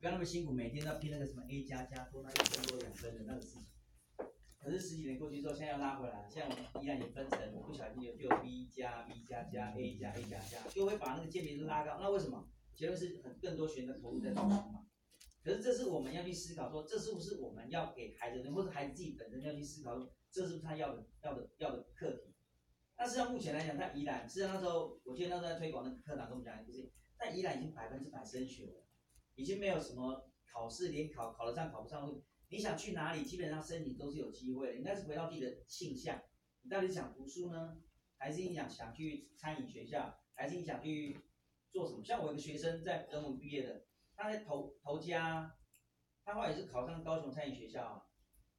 不要那麼辛苦，每天都要拼那個什麼 A 加加多拿一分多兩分的那個事情。可是十幾年過去之後，現在要拉回來，像宜蘭也分成，不小心有就有 B 加 B 加加 A 加 A 加加，就會把那個級別都拉高。那為什麼？結論是很更多學員投入在幫忙嘛。可是這是我們要去思考說，說，這是不是我們要給孩子人，或者孩子自己本身要去思考，這是不是他要的要的要的課題？但是像目前來講，他宜蘭，記得那時候，我記得那時候在推廣的課堂中講的講，就是，但宜蘭已經百分之百升學了。已經沒有什麼考試，連考考得上考不上，你想去哪裡？基本上申請都是有機會的。應該是回到自己的性向，你到底想讀書呢，還是你想想去餐飲學校，還是你想去做什麼？像我有個學生在人文畢業的，他在投投家，他後來也是考上高雄餐飲學校啊，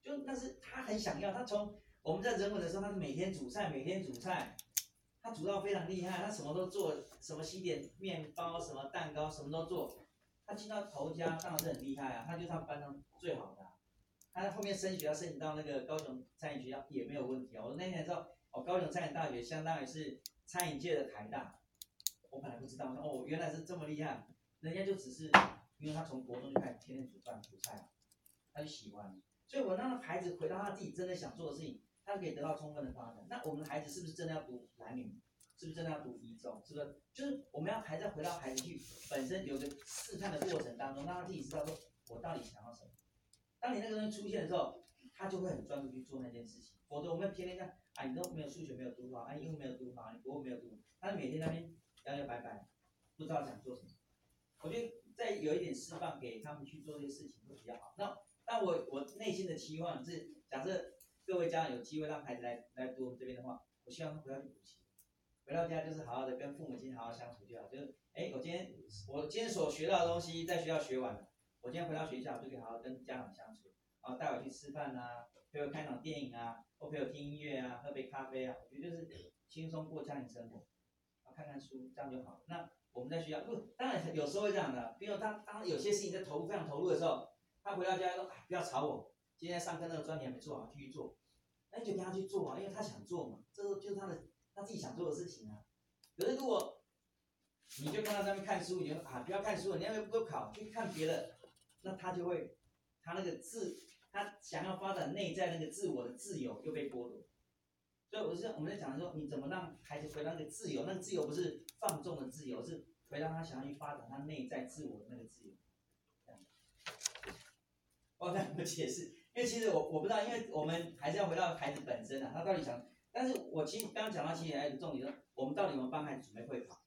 就但是他很想要。他從我們在人文的時候，他是每天煮菜，每天煮菜，他煮到非常厲害，他什麼都做，什麼西點、麵包、什麼蛋糕，什麼都做。他進到頭家當然是很厲害啊，他就他班上最好的、啊。他在後面升學，要升到那個高雄餐飲學校也沒有問題啊。我那天才知道，哦，高雄餐飲大學相當於是餐飲界的台大。我本來不知道，哦，原來是這麼厲害。人家就只是因為他從國中就開始天天煮飯煮菜、啊，他就喜歡。所以，我讓孩子回到他自己真的想做的事情，他就可以得到充分的發展。那我們的孩子是不是真的要讀藍領？是不是真的要讀一中？是不是？就是我們還是要還在回到孩子去本身有個試探的過程當中，讓他自己知道說，我到底想要什麼。當你那個東西出現的時候，他就會很專注去做那件事情。否則，我們天天看，啊，你都沒有數學，沒有讀法，啊，英語沒有讀法，你國文沒有讀書，他、啊、每天那邊搖搖擺擺，不知道想做什麼。我覺得再有一點釋放給他們去做這些事情會比較好。那，但我我內心的期望是，假設各位家長有機會讓孩子來來讀我們這邊的話，我希望他不要去補習。回到家就是好好的跟父母親好好相處就好。就是，哎、欸，我今天我今天所學到的東西在學校學完了，我今天回到學校就可以好好跟家長相處，然後帶我去吃飯吶、啊，陪我看場電影啊，或陪我聽音樂啊，喝杯咖啡啊，我覺得就是輕鬆過家庭生活，看看書，這樣就好。那我們在學校，不，當然有時候會這樣的。比如當當有些事情在投入非常投入的時候，他回到家說：“哎，不要吵我，今天上課那個專題還沒做好，繼續做。”欸、哎，就跟他去做啊，因為他想做嘛，這個就是他的。他自己想做的事情啊，可是如果你就跟他那邊看書，你就啊不要看書了，你要不要考，就看別的，那他就會，他那個自，他想要發展內在那個自我的自由又被剝奪，所以我是我們在講說，你怎麼讓孩子回到那個自由？那個自由不是放縱的自由，是回到他想要去發展他內在自我的那個自由，這樣。哦，那怎麼解釋，因為其實我我不知道，因為我們還是要回到孩子本身啊，他到底想。但是我其實剛，剛講到七年級是重點的，我們到底有沒有幫孩子準備會考？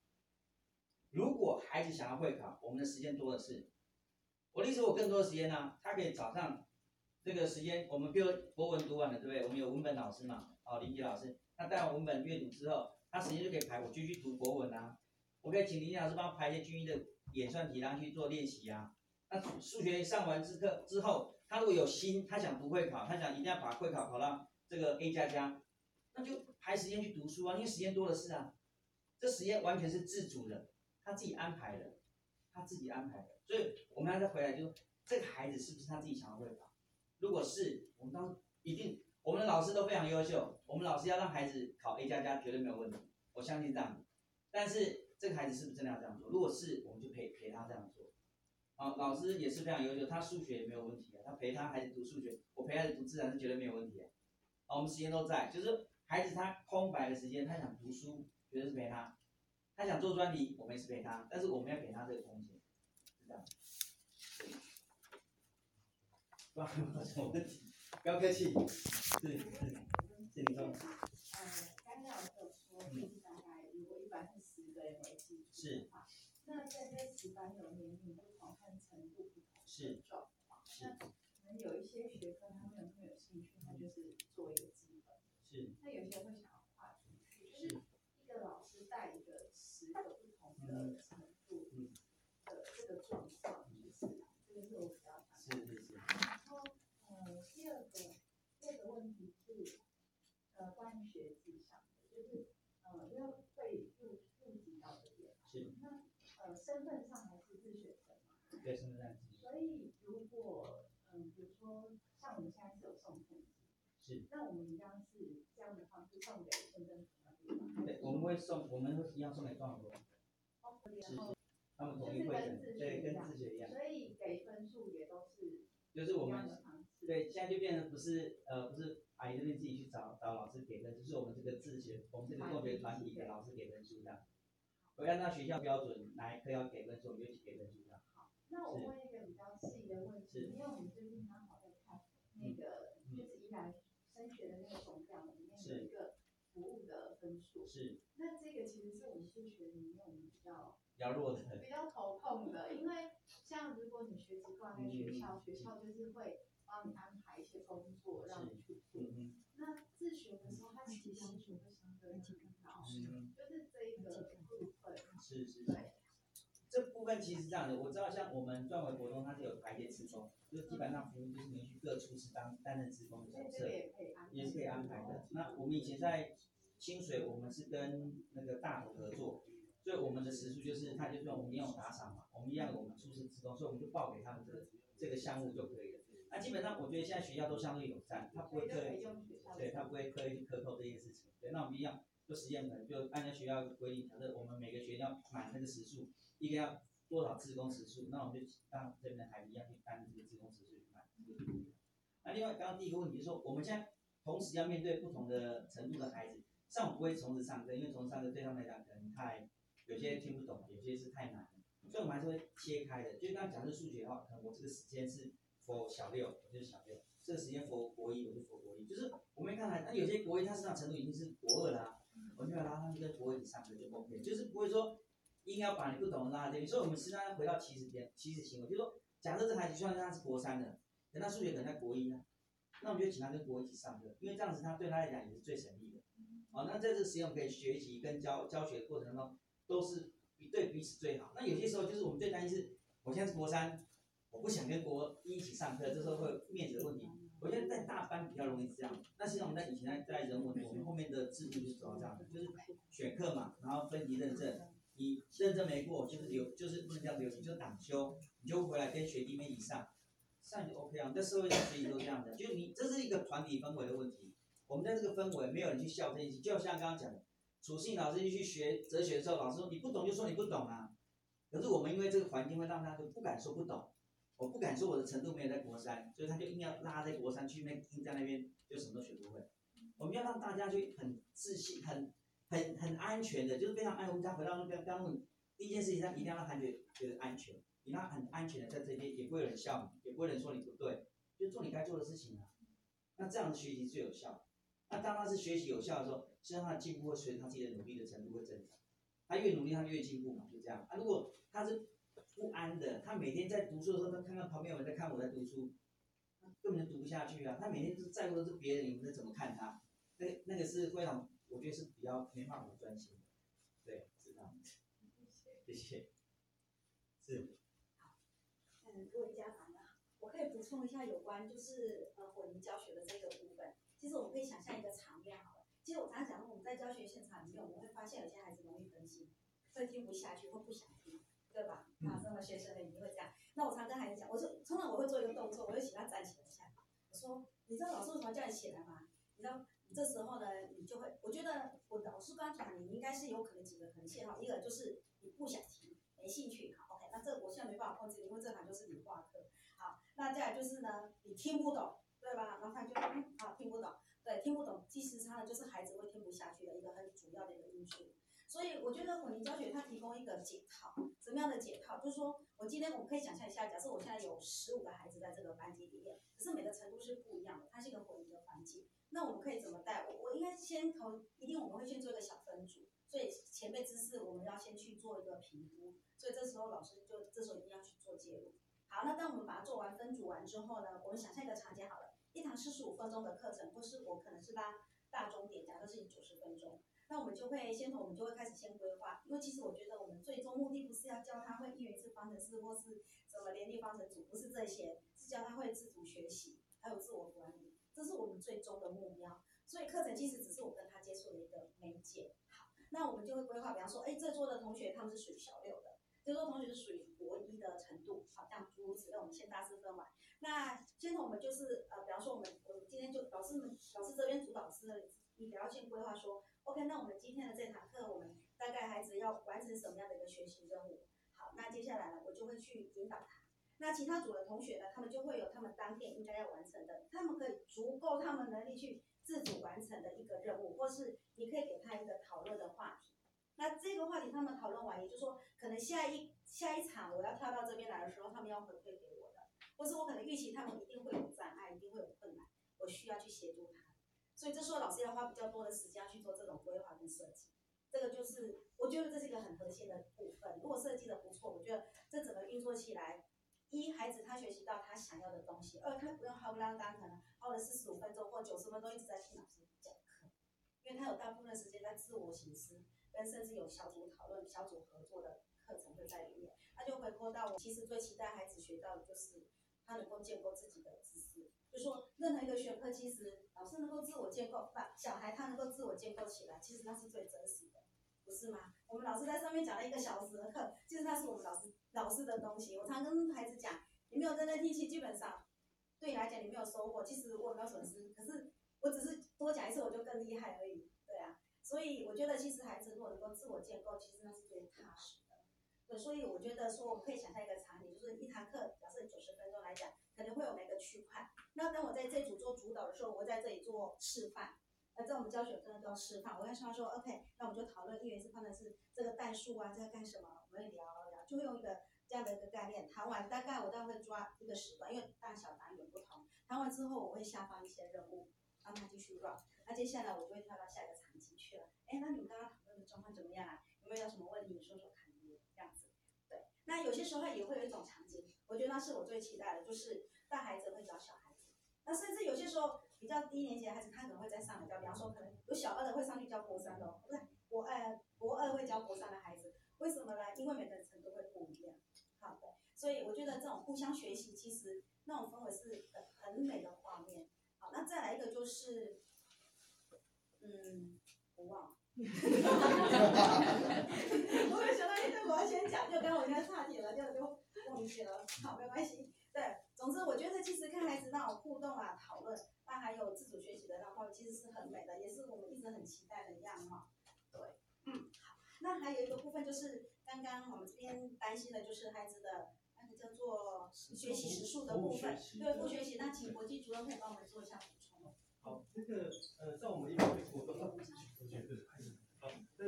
如果孩子想要會考，我們的時間多的是。我的意思是我更多的時間呢、啊，他可以早上這個時間，我們比如國文讀完了，對不對？我們有文本老師嘛，哦，林杰老師，他帶完文本閱讀之後，他時間就可以排，我就去讀國文啊。我可以請林杰老師幫他排一些軍醫的演算題讓，然後去做練習呀、啊。那數學上完自課之後，他如果有心，他想讀會考，他想一定要把會考考到這個 A 加加。那就排時間去讀書啊，因為時間多的是啊，這時間完全是自主的，他自己安排的，他自己安排的。所以我們要再回來就，就這個孩子是不是他自己想要會法？如果是，我們當一定我們的老師都非常優秀，我們老師要讓孩子考 A 加加絕對沒有問題，我相信這樣。但是這個孩子是不是真的要這樣做？如果是，我們就陪陪他這樣做。啊，老師也是非常優秀，他數學也沒有問題啊，他陪他孩子讀數學，我陪他孩子讀自然是絕對沒有問題啊。好、啊，我們時間都在，就是。孩子他空白的時間，他想讀書，絕對是陪他；他想做專題，我們也是陪他。但是我們要給他這個空間，是這樣。 不要客氣，是是，謝你沒有說，就是大概如果一般是十個人一起的話，那現在十班有年齡不同和程度不同，是，狀況可能有一些學生。送，我們會一樣送給狀元班，他們同意會跟自學一樣。一樣所以給分數也都是。就是我們的，對，現在就變成不是呃，不是阿姨這邊自己去找找老師給的，就是我們這個自學，嗯、我們這個個別團體給老師給分數的。嗯嗯、我按照學校標準，哪一科要給分數，我們就給分數的。好，那我問一個比較細的問題，是是因為我們最近剛好在看那個、嗯嗯、月子一來升學的那個總表，裡面有一個。服務的分數是，那這個其實是我們自學裡面比較比較弱的，比較頭痛的，因為像如果你學籍掛在學校，學校學校就是會幫你安排一些工作讓你去做，那自學的時候他其實要學的相對比較少，就是這一個部分是是的，這部分其實這樣的，我知道像我們轉為國中，它是有排接職中，就基本上服務就是你去各處室當擔任職中的角色，也是可以安排的，那我們以前在。薪水我們是跟那個大頭合作，所以我們的時數就是，他就是我們一樣打賞嘛，我們一樣我們出示志工，所以我們就報給他們的這個項目就可以了。那、啊、基本上我覺得現在學校都相對友善，他不會刻意，對，他不會刻意去克扣這些事情。對，那我們一樣，就實驗呢，就按照學校規定，反正我們每個學校滿那個時數，一個要多少志工時數，那我們就讓這邊的孩子一樣去擔這個志工時數，滿。 那另外剛剛第一個問題說，我們現在同時要面對不同的程度的孩子。像我不會從頭上課，因為從頭上課對他們來講可能太有些聽不懂，有些是太難，所以我們還是會切開的。就是剛剛假設數學的話，可能我這個時間是 for 小六，我就是小六；這個時間 for 國一，我就 for 國一。就是我們看來，那有些國一，他實際上程度已經是國二啦、啊，我們就拉他們跟國一上，這就 OK。就是不會說硬要把你不懂的拉在這裡，所以我們實際上回到起始點，起始行為，就是說假如，假設這孩子希望他是國三的，等他數學等他在國一呢、啊，那我們就請他跟國一起上課，因為這樣子他對他來講也是最省力的。哦，那在這個時間我們可以學習跟教教學過程中，都是比對彼此最好。那有些時候就是我們最擔心是，我現在是國三，我不想跟國一一起上課，這時候會面子的問題。我覺得在大班比較容易是這樣。那是在我們在以前在在人文我們後面的制度就是主要這樣，就是選課嘛，然後分級認證，你認證沒過就是留，就是不能這樣留級，就是擋修，你就回來跟學弟妹一起上，上就 OK 了，啊，在社會上學習都這樣的，就你這是一個團體氛圍的問題。我們在這個氛圍，沒有人去笑這些，就像剛剛講的，楚信老師去，去學哲學的時候，老師說你不懂就說你不懂啊。可是我們因為這個環境，會讓大家就不敢說不懂，我不敢說我的程度沒有在國三，所以他就硬要拉在國三去，那硬在那邊，就什麼都學不會。嗯、我們要讓大家去很自信、很很很安全的，就是非常安。我們再回到剛剛剛第一件事情，他一定要讓孩子覺得，覺得安全，你讓他很安全的在這邊，也不會有人笑你，也不會有人說你不對，就做你該做的事情啊。那這樣的學習最有效。他當他是學習有效的時候，實際上他的進步會隨着他自己的努力的程度會增長。他越努力，他就越進步嘛，就這樣。啊，如果他是不安的，他每天在讀書的時候，他看到旁邊有人在看我在讀書，根本就讀不下去啊！他每天是在乎的是別人你們在怎麼看他，那個、那個是非常，我覺得是比較沒辦法專心的，對，是這樣的。謝謝，謝謝，是。好，嗯，各位家長呢、啊，我可以補充一下有關就是呃，混齡教學的這個部分。其實我們可以想象一個場面好了。其實我常常講，我們在教學現場裡面，我們會發現有些孩子容易分心，分心不下去或不想聽，對吧？嗯、啊，這麼學生肯定會這樣。那我常跟孩子講，我說，通常我會做一個動作，我就請他站起來。我說，你知道老師為什麼叫你起來嗎？你知道，你這時候呢，你就會，我覺得我老師剛才講你應該是有可、可能幾個層次哈，一個就是你不想聽，沒興趣，好，OK。那這我現在沒辦法控制，因為這堂就是你掛科。好，那再來就是呢，你聽不懂。對吧？然後他就聽啊，聽不懂，對，聽不懂，其實他的就是孩子會聽不下去的一個很主要的一個因素。所以我覺得混齡教學它提供一個解套，什麼樣的解套？就是說我今天我們可以想象一下，假設我現在有十五個孩子在這個班級裡面，可是每個程度是不一樣的，它是一個混齡的班級。那我們可以怎麼帶？我我應該先從一定我們會先做一個小分組，所以前輩知識我們要先去做一個評估，所以這時候老師就這時候一定要去做介入。好，那當我們把它做完分組完之後呢，我們想象一個場景好了。一堂四十五分鐘的課程，或是我可能是拉大鐘點，假都是九十分鐘，那我們就會先從我們就會開始先規劃，因為其實我覺得我們最終目的不是要教他會一元一次方程式，或是什麼聯立方程組，不是這些，是教他會自主學習，還有自我管理，這是我們最終的目標。所以課程其實只是我跟他接觸的一個媒介。好，那我們就會規劃，比方說，哎、欸，這桌的同學他們是屬於小六的，這桌同學是屬於國一的程度，好像如此，那我們先大致分完。那現在我們就是呃，比方說我們我們今天就老師們老師這邊主導師，你不要先規劃說，OK，那我們今天的這堂課我們大概孩子要完成什麼樣的一個學習任務？好，那接下來呢，我就會去引導他。那其他組的同學呢，他們就會有他們當天應該要完成的，他們可以足夠他們能力去自主完成的一個任務，或是你可以給他一個討論的話題。那這個話題他們討論完，也就是說，可能下一下一場我要跳到這邊來的時候，他們要回饋給我。可是我可能預期他們一定會有障礙，一定會有困難，我需要去協助他，所以這時候老師要花比較多的時間去做這種規劃跟設計。這個就是我覺得這是一個很核心的部分。如果設計的不錯，我覺得這整個運作起來，一、孩子他學習到他想要的東西，二、他不用耗不拉單，可能耗了四十五分鐘或九十分鐘一直在聽老師講課，因為他有大部分的時間在自我省思，跟甚至有小組討論、小組合作的課程就在裡面，他就回扣到我其實最期待孩子學到的就是。他能夠建構自己的知識，就是、說任何一個學科，其實老師能夠自我建構，把小孩他能夠自我建構起來，其實那是最真實的，不是嗎？我們老師在上面講了一個小時的課，其實那是我們老師老師的東西。我常跟孩子講，你沒有認真聽去，基本上對你來講你沒有收穫，其實我沒有損失，可是我只是多講一次我就更厲害而已，對啊。所以我覺得其實孩子如果能夠自我建構，其實那是最踏實。所以我覺得說，我們可以想象一個場景，就是一堂課，假設九十分鐘來講，可能會有哪個區塊。那當我在這組做主導的時候，我會在這裡做示範。那在我們教學中都要示範。我跟他說說，OK，那我們就討論一元一次方程式這個代數啊，在幹什麼？我們會聊聊，就會用一個這樣的一個概念。談完大概，我大概會抓一個時段，因為大小單元有不同。談完之後，我會下發一些任務，讓他繼續 run。那接下來我就會跳到下一個場景去了。哎、欸，那你們剛剛討論的狀況怎麼樣啊？有沒有，有什麼問題？你說，說。有些時候也會有一種場景，我覺得那是我最期待的，就是大孩子會教小孩子。那甚至有些時候，比較低年級的孩子，他可能會在上面教，比方說可能有小二的會上去教國三的，哦，不是國二、呃、國二會教國三的孩子，為什麼呢？因為每個程度都會不一樣。好的，所以我覺得這種互相學習，其實那種氛圍是很很美的畫面。好，那再來一個就是，嗯，我忘了。哈哈哈，我沒有想到一個往前講，就跟我現在差點了，就就忘記了。好，沒關係。對，總之我覺得其實看孩子那種互動啊、討論，那還有自主學習的然後其實是很美的，也是我們一直很期待的一樣哈。對，嗯，好。那還有一個部分就是剛剛我們這邊擔心的就是孩子的那個叫做學習時數的部分，對不學習？那請國際主任可以幫我們做一下補充。好，這、那個呃，在我們這的過程中、哦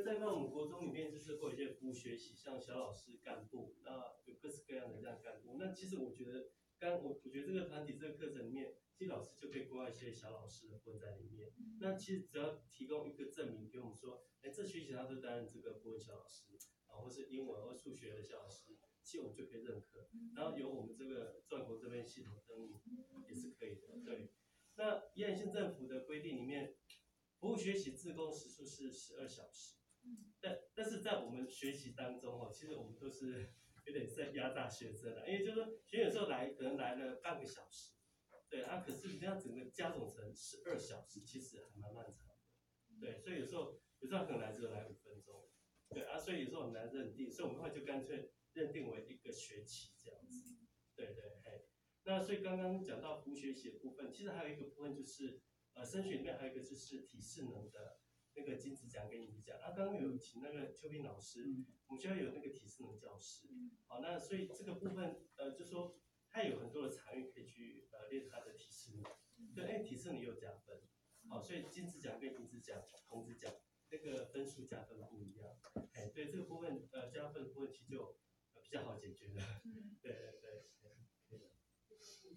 在那，在我們國中裡面，就是會一些服務學習，像小老師、幹部，那有各式各樣的這樣幹部。那其實我覺得剛，我，我覺得這個團體、這個課程裡面，其實老師就可以掛一些小老師的混在裡面。那其實只要提供一個證明給我們說，哎，這學期他都擔任這個國文小老師，然、啊、後是英文或數學的小老師，其實我們就可以認可。然後有我們這個轉國這邊系統登錄也是可以的。對，那燕興政府的規定裡面，服務學習自供時數是十二小時。嗯、但但是在我們學習當中哦，其實我們都是有點在壓榨學生的，因為就是學生有時候來可能來了半個小時，對，啊，可是你這樣整個加總成十二小時，其實還蠻漫長的，對，所以有時候有時候可能來只有來五分鐘，對，啊，所以有時候很難認定，所以我們後來就乾脆認定為一個學期這樣子，嗯、對對嘿，那所以剛剛講到不學習的部分，其實還有一個部分就是呃，升學裡面還有一個就是體適能的。那個金質獎跟銀質獎，他剛剛有請那個邱斌老師，嗯、我們學校有那個體適能教師，嗯、好，那所以這個部分，呃，就說他也有很多的參與可以去呃練他的體適能、嗯、對，哎、欸，體適能有加分，嗯、好，所以金質獎跟銀質獎、銅質獎那個分數加分不一樣，哎，對這個部分呃加分的問題就比較好解決了。嗯、對對對，對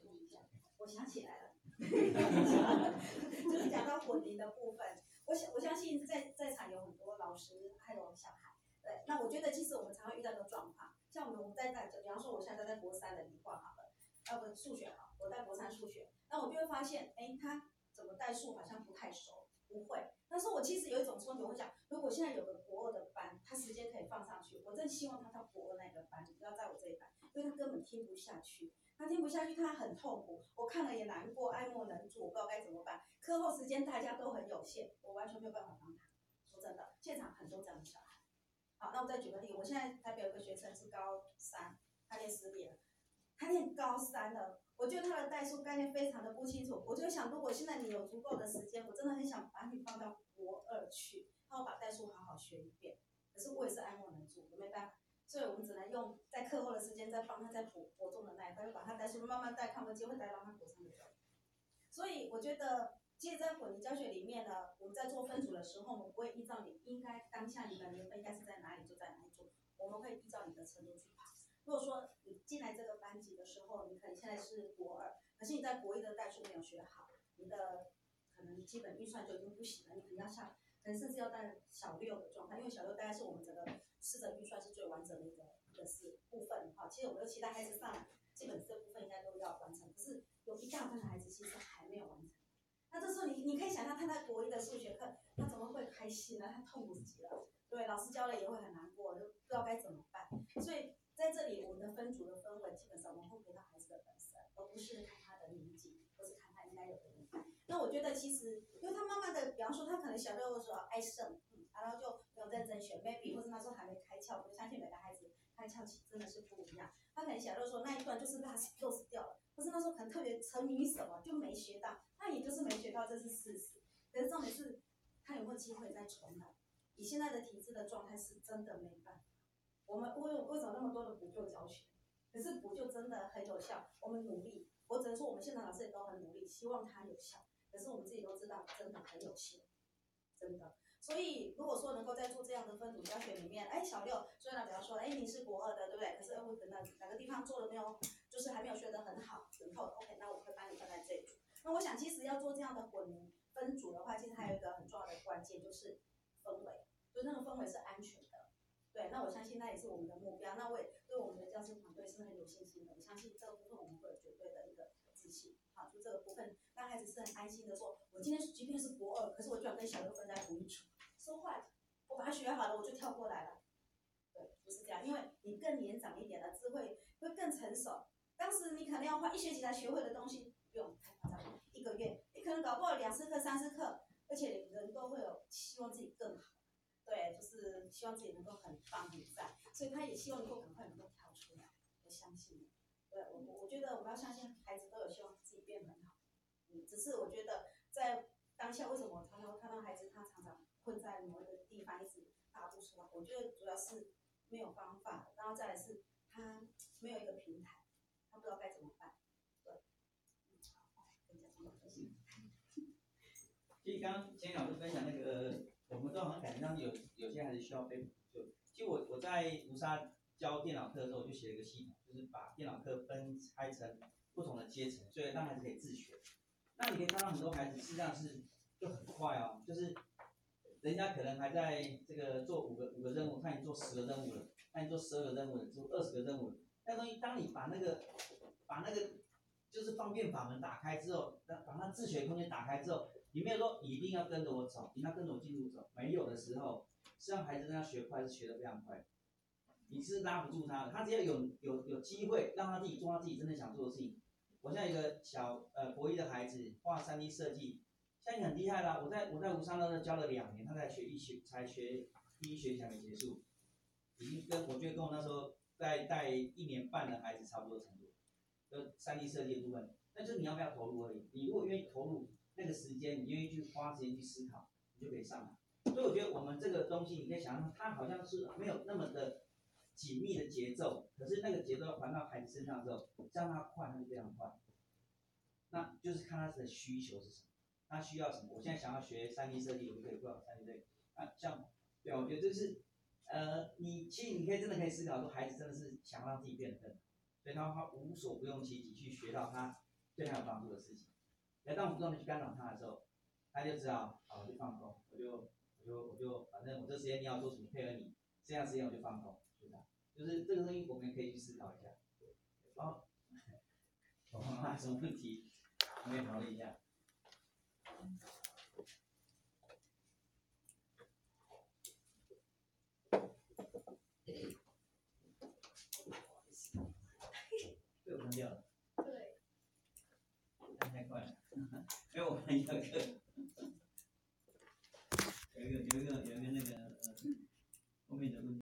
你你，我想起來了， 就是講到混齡的部分。我相，我相信在在場有很多老師還有小孩，對，那我覺得其實我們常常遇到一個狀況，像我們我們在在比方說我現在在國三的，你掛好了，要不數學好，我在國三數學，那我就會發現，哎、欸，他怎麼代數好像不太熟，不會。但是我其實有一種衝動我講，如果現在有個國二的班，他時間可以放上去，我真希望他到國二那個班，不要在我這裡。因為他根本聽不下去，他聽不下去，他很痛苦，我看了也難過，愛莫能助，我不知道該怎麼辦。課後時間大家都很有限，我完全沒有辦法幫他，說真的，現場很多這樣的小孩。好，那我再舉個例子，我現在台北有個學生是高三，他念十年，他念高三了。我覺得他的代數概念非常的不清楚，我就想，如果現在你有足夠的時間，我真的很想把你放到國二去，然後我把代數好好學一遍。可是我也是愛莫能助，沒辦法。所以我們只能用在課後的時間再幫他再補補中的那一塊，他又把他帶去慢慢帶，看有機會帶幫他補上的。的所以我覺得，其實在混齡教學裡面呢，我們在做分組的時候，我們不會依照你應該當下你的年份應該是在哪裡就在哪裡做，我們會依照你的程度去排。如果說你進來這個班級的時候，你可能現在是國二，可是你在國一的代數沒有學好，你的可能基本運算就已經不行了，你肯定要下。甚至要帶小六的狀態，因為小六大概是我們整個師的預算是最完整的一個的是部分哈。其實我們的其他孩子上，基本這部分應該都要完成，可是有一大部分的孩子其實還沒有完成。那這時候你你可以想象他在國一的數學課，他怎麼會開心呢？他痛苦極了，對，老師教了也會很難過，就不知道該怎麼辦。所以在這裡，我們的分組的氛圍基本上，我們會給到孩子的本身，而不是看他的年紀，而是看他應該有的。那我覺得其實，因為他慢慢的，比方說他可能小時候說愛生嗯、啊，然後就沒有認真學 maybe，或者那時候還沒開竅，我相信每個孩子開竅期真的是不一樣。他可能小時候說那一段就是把他鑰匙掉了，可是那時候可能特別沉迷於什麼就沒學到，那也就是沒學到這是事實。可是重點是，他有沒有機會再重來？以現在的體質的狀態是真的沒辦法，我們我有我有找那麼多的補救教學，可是補救真的很有效。我們努力，我只能說我們現場老師也都很努力，希望他有效。但是我們自己都知道，真的很有限，真的。所以如果說能夠在做這樣的分組教學裡面，哎、欸，小六，雖然比方說，哎、欸，你是國二的，對不對？可是二位可能哪個地方做的沒有，就是還沒有學得很好、很透。OK，那我會把你放在這一組。那我想，其實要做這樣的混分組的話，其實還有一個很重要的關鍵就是氛圍，就是、那個氛圍是安全的。對，那我相信那也是我們的目標。那我也對我們的教師團隊是很有信心的，我相信這個部分我們會有絕對的一個自信。的部分，讓孩子是很安心的說：“我今天即便是國二，可是我就要跟小六分在同一處說話。我把它學好了，我就跳過來了。對，不是這樣，因為你更年長一點了，智慧會更成熟。當時你可能要花一學期才學會的東西，不用太誇張，一個月，你可能搞不好兩次課、三次課，而且人都會有希望自己更好。對，就是希望自己能夠很棒、很讚，所以他也希望能夠趕快能夠跳出來。我相信你。”我我覺得我們要相信孩子都有希望自己變得很好，嗯，只是我覺得在當下為什麼常常看到孩子，他常常困在某一個地方一直打不出來，我覺得主要是沒有方法，然後再來是他沒有一個平台，他不知道該怎麼辦。對嗯，就剛剛錢老師分享那個，我們都好像感覺到有有些孩子需要被，就就我我在烏山。教電腦課之後，我就寫了一個系統，就是把電腦課分拆成不同的階層，所以讓孩子可以自學。那你可以看到很多孩子實際上是就很快哦，就是人家可能還在這個做五個五個任務，看你做十個任務了，看你做十二個任務了，做二十個任務了。那東西，當你把那個把那個就是方便法門打開之後，把把那自學空間打開之後，你沒有說你一定要跟着我走，一定要跟着我進度走，沒有的時候，是讓孩子那學快，是學的非常快。你是拉不住他的，他只要有有有機會，讓他自己做他自己真的想做的事情。我像一個小呃國一的孩子畫三 D 設計，現在很厲害啦。我在我在吳樂那教了兩年，他在學一學才學第一學期還沒結束，已經跟我覺得跟我那時候在帶一年半的孩子差不多程度。就三 D 設計的部分，那就是你要不要投入而已。你如果願意投入那個時間，你願意去花時間去思考，你就可以上來。所以我覺得我們這個東西，你可以想象他好像是沒有那麼的。緊密的節奏，可是那個節奏傳到孩子身上之後，這樣他快他就非常快，那就是看他的需求是什麼，他需要什麼。我現在想要學三 D 設計，我就可以做三 D 設計。啊，像，對，我覺得就是，呃，你其實你可以真的可以思考說，孩子真的是想讓自己變得更好，所以他他無所不用其極去學到他對他有幫助的事情。來，當我們不斷的去干擾他的時候，他就知道，啊，我就放空，我就我就我就反正我這時間你要做什麼配合你，剩下時間我就放空。對的、啊，就是這個東西，我們可以去思考一下。然、哦、後，我們還有什麼問題，可以考慮一下。被我扔掉了。對。太快了，給、 哎、我們一個， 有一個，有一個，有一個那個。